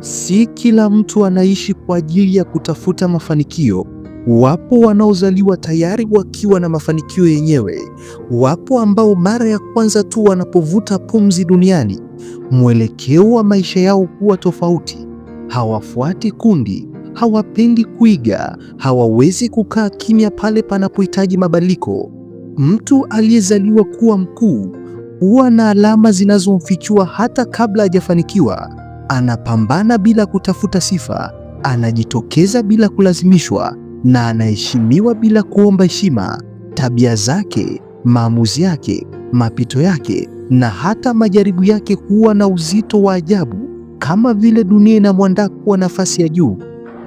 Si kila mtu anaishi kwa ajili ya kutafuta mafanikio. Wapo wanaozaliwa tayari wakiwa na mafanikio yenyewe. Wapo ambao mara ya kwanza tu wanapovuta pumzi duniani, mwelekeo wa maisha yao huwa tofauti. Hawafuati kundi, hawapendi kuiga, hawawezi kukaa kimya pale panapohitaji mabadiliko. Mtu aliyezaliwa kuwa mkuu huwa na alama zinazomfichua hata kabla hajafanikiwa anapambana bila kutafuta sifa, anajitokeza bila kulazimishwa na anaheshimiwa bila kuomba heshima. Tabia zake, maamuzi yake, mapito yake na hata majaribu yake huwa na uzito wa ajabu, kama vile dunia inamwandaa kuwa nafasi ya juu.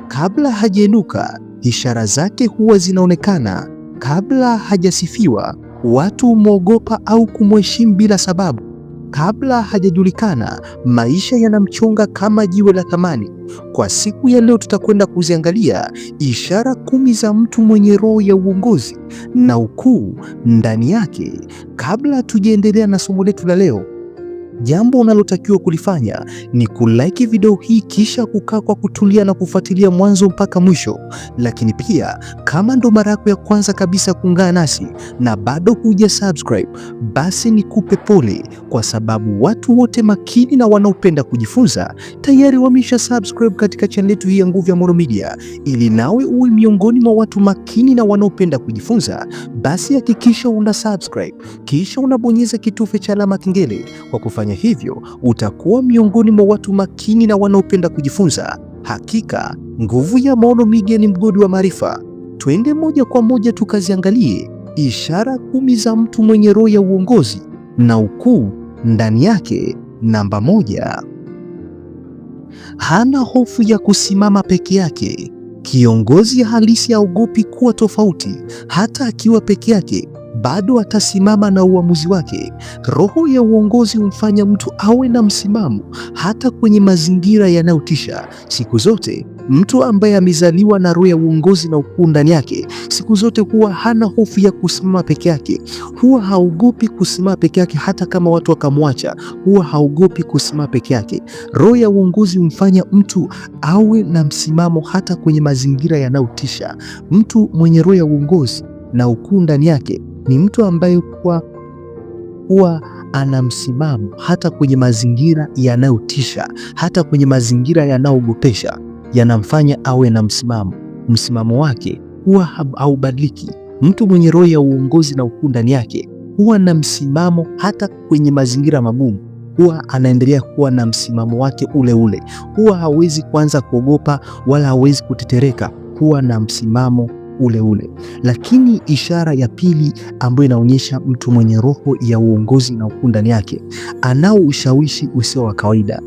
Kabla hajainuka, ishara zake huwa zinaonekana. Kabla hajasifiwa, watu humwogopa au kumheshimu bila sababu kabla hajajulikana, maisha yanamchonga kama jiwe la thamani. Kwa siku ya leo, tutakwenda kuziangalia ishara kumi za mtu mwenye roho ya uongozi na ukuu ndani yake. Kabla tujaendelea na somo letu la leo Jambo unalotakiwa kulifanya ni kulike video hii kisha kukaa kwa kutulia na kufuatilia mwanzo mpaka mwisho. Lakini pia kama ndo mara yako ya kwanza kabisa kuungana nasi na bado huja subscribe, basi nikupe pole, kwa sababu watu wote makini na wanaopenda kujifunza tayari wamesha subscribe katika channel yetu hii ya Nguvu ya Maono Media. Ili nawe uwe miongoni mwa watu makini na wanaopenda kujifunza, basi hakikisha una subscribe kisha unabonyeza kitufe cha alama kengele kwa kufanya hivyo, utakuwa miongoni mwa watu makini na wanaopenda kujifunza. Hakika nguvu ya maono media ni mgodi wa maarifa. Twende moja kwa moja tukaziangalie ishara kumi za mtu mwenye roho ya uongozi na ukuu ndani yake. Namba moja, hana hofu ya kusimama peke yake. Kiongozi halisi haogopi kuwa tofauti, hata akiwa peke yake bado atasimama na uamuzi wake. Roho ya uongozi humfanya mtu awe na msimamo hata kwenye mazingira yanayotisha. Siku zote mtu ambaye amezaliwa na roho ya uongozi na ukuu ndani yake, siku zote huwa hana hofu ya kusimama peke yake, huwa haogopi kusimama peke yake. Hata kama watu wakamwacha, huwa haogopi kusimama peke yake. Roho ya uongozi humfanya mtu awe na msimamo hata kwenye mazingira yanayotisha. Mtu mwenye roho ya uongozi na ukuu ndani yake ni mtu ambaye kuwa huwa ana msimamo hata kwenye mazingira yanayotisha, hata kwenye mazingira yanayoogopesha, yanamfanya awe na msimamo. Msimamo wake huwa haubadiliki. Mtu mwenye roho ya uongozi na ukuu ndani yake huwa na msimamo hata kwenye mazingira magumu, huwa anaendelea kuwa na msimamo wake ule ule, huwa hawezi kuanza kuogopa wala hawezi kutetereka, huwa na msimamo ule ule. Lakini ishara ya pili ambayo inaonyesha mtu mwenye roho ya uongozi na ukuu ndani yake, anao ushawishi usio wa kawaida.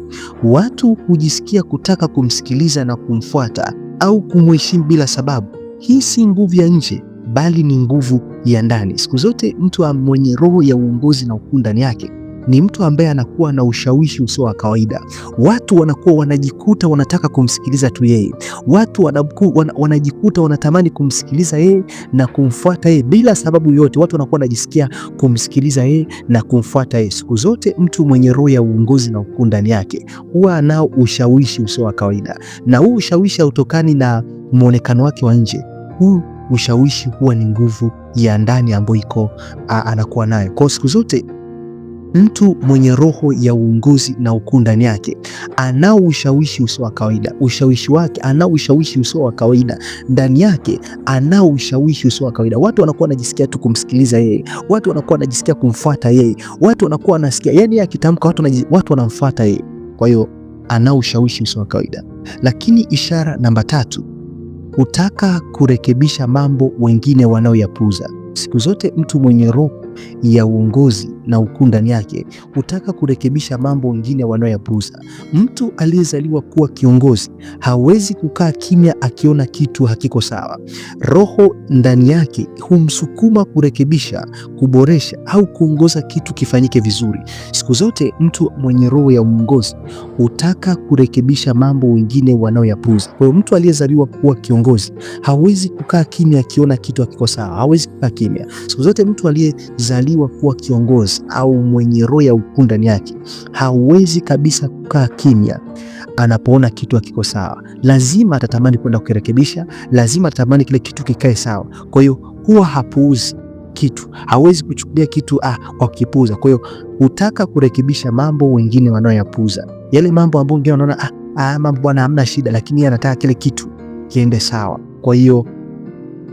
Watu hujisikia kutaka kumsikiliza na kumfuata au kumheshimu bila sababu. Hii si nguvu ya nje bali ni nguvu ya ndani. Siku zote mtu mwenye roho ya uongozi na ukuu ndani yake ni mtu ambaye anakuwa na ushawishi usio wa kawaida. Watu wanakuwa wanajikuta wanataka kumsikiliza tu yeye, watu wanabuku, wan, wanajikuta wanatamani kumsikiliza yeye na kumfuata yeye bila sababu yote. Watu wanakuwa wanajisikia kumsikiliza yeye na kumfuata yeye. Siku zote mtu mwenye roho ya uongozi na ukuu ndani yake huwa anao ushawishi usio wa kawaida, na huu ushawishi hautokani na mwonekano wake wa nje. Huu ushawishi huwa ni nguvu ya ndani ambayo iko anakuwa nayo kwa siku zote. Mtu mwenye roho ya uongozi na ukuu ndani yake anao ushawishi usio wa kawaida. Ushawishi wake anao ushawishi usio wa kawaida ndani yake, anao ushawishi usio wa kawaida. Watu wanakuwa wanajisikia tu kumsikiliza yeye, watu wanakuwa wanajisikia kumfuata yeye, watu wanakuwa wanasikia, yani akitamka watu, watu wanamfuata yeye. Kwa hiyo anao ushawishi usio wa kawaida. Lakini ishara namba tatu, hutaka kurekebisha mambo wengine wanaoyapuuza. Siku zote mtu mwenye roho ya uongozi na ukuu ndani yake hutaka kurekebisha mambo mengine wanayoyapuuza. Mtu aliyezaliwa kuwa kiongozi hawezi kukaa kimya akiona kitu hakiko sawa. Roho ndani yake humsukuma kurekebisha, kuboresha au kuongoza kitu kifanyike vizuri. Siku zote mtu mwenye roho ya uongozi hutaka kurekebisha mambo wengine wanayoyapuuza. Kwa hiyo mtu aliyezaliwa kuwa kiongozi hawezi kukaa kimya akiona kitu hakiko sawa, hawezi kukaa kimya siku zote. Mtu aliye kuzaliwa kuwa kiongozi au mwenye roho ya ukuu ndani yake hawezi kabisa kukaa kimya anapoona kitu hakiko sawa. Lazima atatamani kwenda kukirekebisha, lazima atatamani kile kitu kikae sawa. Kwa hiyo huwa hapuuzi kitu, hawezi kuchukulia kitu ah, kwa kukipuuza. Kwa hiyo hutaka kurekebisha mambo wengine wanaoyapuuza, yale mambo ambayo wengine wanaona ah, ah, mambo bwana, hamna shida, lakini yeye anataka kile kitu kiende sawa. Kwa hiyo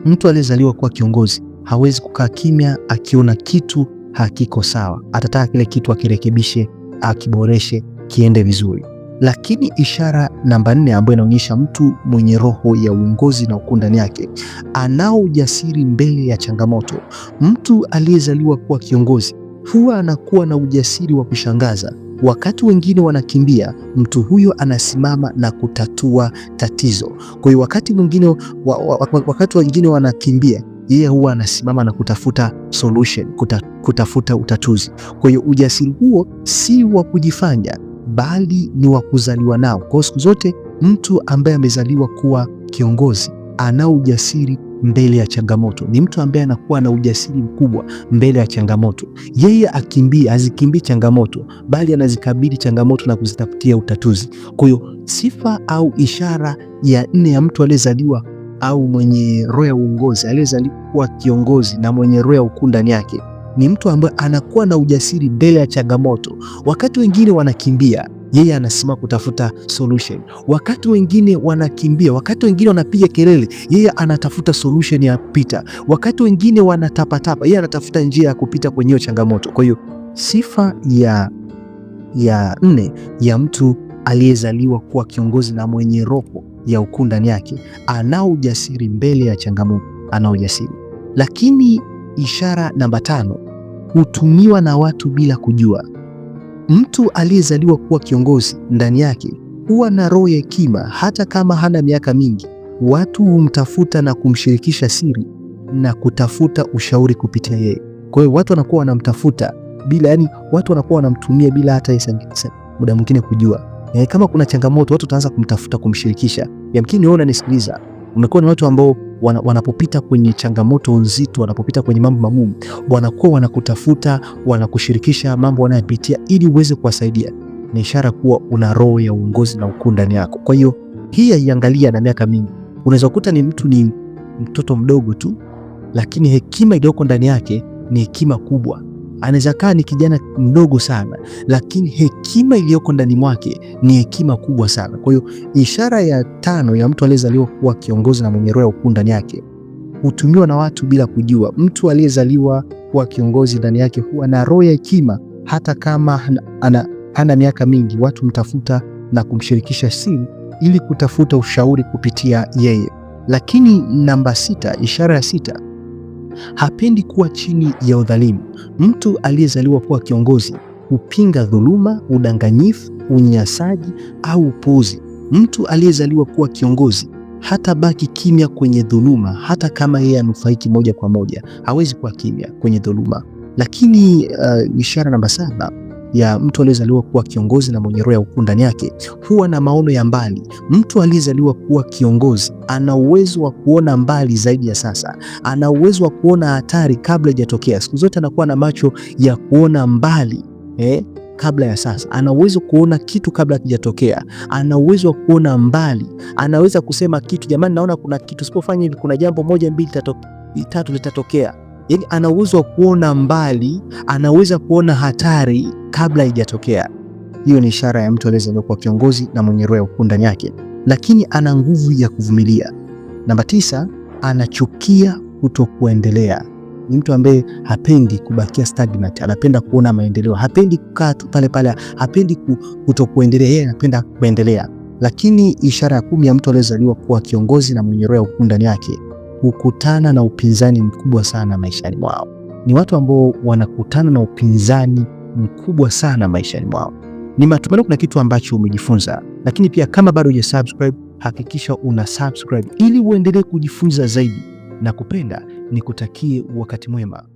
mtu aliyezaliwa kuwa kiongozi hawezi kukaa kimya akiona kitu hakiko sawa, atataka kile kitu akirekebishe, akiboreshe, kiende vizuri. Lakini ishara namba nne ambayo inaonyesha mtu mwenye roho ya uongozi na ukuu ndani yake, anao ujasiri mbele ya changamoto. Mtu aliyezaliwa kuwa kiongozi huwa anakuwa na ujasiri wa kushangaza. Wakati wengine wanakimbia, mtu huyo anasimama na kutatua tatizo. Kwa hiyo wakati mwingine wa, wa, wakati wengine wanakimbia yeye huwa anasimama na kutafuta solution, kuta, kutafuta utatuzi. Kwa hiyo ujasiri huo si wa kujifanya, bali ni wa kuzaliwa nao. Kwa hiyo siku zote mtu ambaye amezaliwa kuwa kiongozi anao ujasiri mbele ya changamoto, ni mtu ambaye anakuwa na ujasiri mkubwa mbele ya changamoto. Yeye akimbii azikimbii changamoto, bali anazikabili changamoto na kuzitafutia utatuzi. Kwa hiyo sifa au ishara ya nne ya mtu aliyezaliwa au mwenye roho ya uongozi aliyezaliwa kuwa kiongozi na mwenye roho ya ukuu ndani yake ni mtu ambaye anakuwa na ujasiri mbele ya changamoto. Wakati wengine wanakimbia, yeye anasimama kutafuta solution. Wakati wengine wanakimbia, wakati wengine wanapiga kelele, yeye anatafuta solution ya kupita. Wakati wengine wanatapatapa, yeye anatafuta njia ya kupita kwenye hiyo changamoto. Kwa hiyo sifa ya ya nne ya mtu aliyezaliwa kuwa kiongozi na mwenye roho ya ukuu ndani yake, anao ujasiri mbele ya changamoto, anao ujasiri. Lakini ishara namba tano, hutumiwa na watu bila kujua. Mtu aliyezaliwa kuwa kiongozi ndani yake huwa na roho ya hekima, hata kama hana miaka mingi. Watu humtafuta na kumshirikisha siri na kutafuta ushauri kupitia yeye. Kwa hiyo watu wanakuwa wanamtafuta bila, yani watu wanakuwa wanamtumia bila hata muda mwingine kujua eh, kama kuna changamoto watu wataanza kumtafuta kumshirikisha. Yamkini wewe unanisikiliza, umekuwa na watu ambao wana, wanapopita kwenye changamoto nzito, wanapopita kwenye mambo magumu, wanakuwa wanakutafuta, wanakushirikisha mambo wanayopitia ili uweze kuwasaidia. Ni ishara kuwa una roho ya uongozi na ukuu ndani yako. Kwa hiyo hii haiangalia na miaka mingi, unaweza kukuta ni mtu ni mtoto mdogo tu, lakini hekima iliyoko ndani yake ni hekima kubwa anaweza kaa ni kijana mdogo sana, lakini hekima iliyoko ndani mwake ni hekima kubwa sana. Kwa hiyo ishara ya tano ya mtu aliyezaliwa kuwa kiongozi na mwenye roho ya ukuu ndani yake hutumiwa na watu bila kujua. Mtu aliyezaliwa kuwa kiongozi ndani yake huwa na roho ya hekima, hata kama ana, ana miaka mingi, watu mtafuta na kumshirikisha simu ili kutafuta ushauri kupitia yeye. Lakini namba sita, ishara ya sita hapendi kuwa chini ya udhalimu. Mtu aliyezaliwa kuwa kiongozi hupinga dhuluma, udanganyifu, unyanyasaji au upuuzi. Mtu aliyezaliwa kuwa kiongozi hata baki kimya kwenye dhuluma, hata kama yeye anufaiki moja kwa moja. Hawezi kuwa kimya kwenye dhuluma. Lakini uh, ishara namba saba ya mtu aliyezaliwa kuwa kiongozi na mwenye roho ya ukuu ndani yake huwa na maono ya mbali. Mtu aliyezaliwa kuwa kiongozi ana uwezo wa kuona mbali zaidi ya sasa, ana uwezo wa kuona hatari kabla haijatokea. Siku zote anakuwa na macho ya kuona mbali eh, kabla ya sasa, ana uwezo kuona kitu kabla hakijatokea, ana uwezo wa kuona mbali, anaweza kusema kitu, jamani, naona kuna kitu sipofanya hivi, kuna jambo moja mbili tatu litatokea yani ana uwezo wa kuona mbali, anaweza kuona hatari kabla haijatokea. Hiyo ni ishara ya mtu aliyezaliwa kuwa kiongozi na mwenye roho ya ukuu ndani yake, lakini ana nguvu ya kuvumilia. Namba tisa, anachukia kutokuendelea. Ni mtu ambaye hapendi kubakia stagnant, anapenda kuona maendeleo, hapendi kukaa tu pale pale, hapendi kutokuendelea, yeye anapenda kuendelea. Lakini ishara ya kumi ya mtu aliyezaliwa kuwa kiongozi na mwenye roho ya ukuu ndani yake hukutana na upinzani mkubwa sana maishani mwao. Ni watu ambao wanakutana na upinzani mkubwa sana maishani mwao. Ni matumaini kuna kitu ambacho umejifunza, lakini pia kama bado hujasubscribe, hakikisha una subscribe ili uendelee kujifunza zaidi na kupenda. Nikutakie wakati mwema.